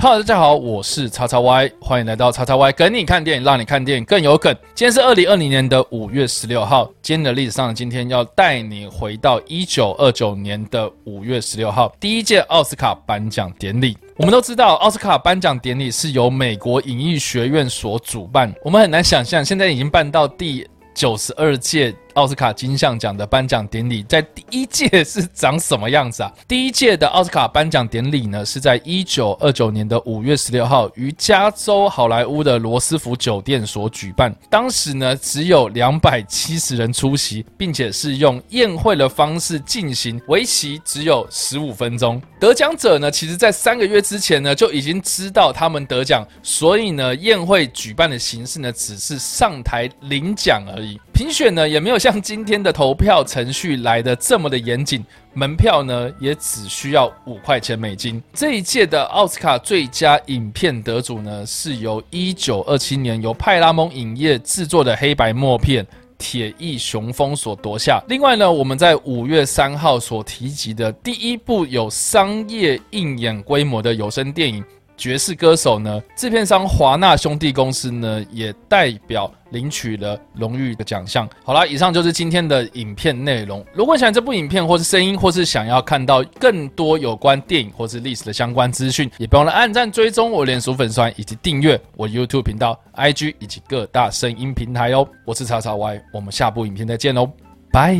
哈嘍，大家好，我是叉叉 Y，歡迎來到叉叉 Y，跟你看電影，讓你看電影更有梗。今天是二零二零年的五月十六號，今天的歷史上的今天要帶你回到一九二九年的五月十六號，第一屆奧斯卡頒獎典禮。我們都知道，奧斯卡頒獎典禮是由美國影藝學院所主辦，我們很難想象，現在已經辦到第九十二屆。奧斯卡金像獎的頒獎典禮在第一屆是長什麼樣子啊？第一屆的奧斯卡頒獎典禮呢，是在一九二九年的五月十六號於加州好萊塢的羅斯福酒店所舉辦。當時呢，只有兩百七十人出席，並且是用宴會的方式進行，為期只有十五分鐘。得獎者呢，其實在三個月之前呢，就已經知道他們得獎，所以呢，宴會舉辦的形式呢，只是上台領獎而已。評選呢，也沒有像今天的投票程序來得這麼的嚴謹，門票呢，也只需要五塊錢美金。這一屆的奧斯卡最佳影片得主呢，是由一九二七年由派拉蒙影業制作的黑白默片《鐵翼雄風》所奪下。另外呢，我們在五月三號所提及的第一部有商業映演規模的有聲電影《爵士歌手》呢，制片商華納兄弟公司呢，也代表領取了榮譽的獎項。好啦，以上就是今天的影片內容。如果喜歡這部影片，或是聲音，或是想要看到更多有關電影或是歷史的相關資訊，也不要忘了按讚、追蹤我臉書粉絲團以及訂閱我 YouTube 頻道、IG 以及各大聲音平台哦。我是叉叉 Y，我們下部影片再見嘍、哦，拜。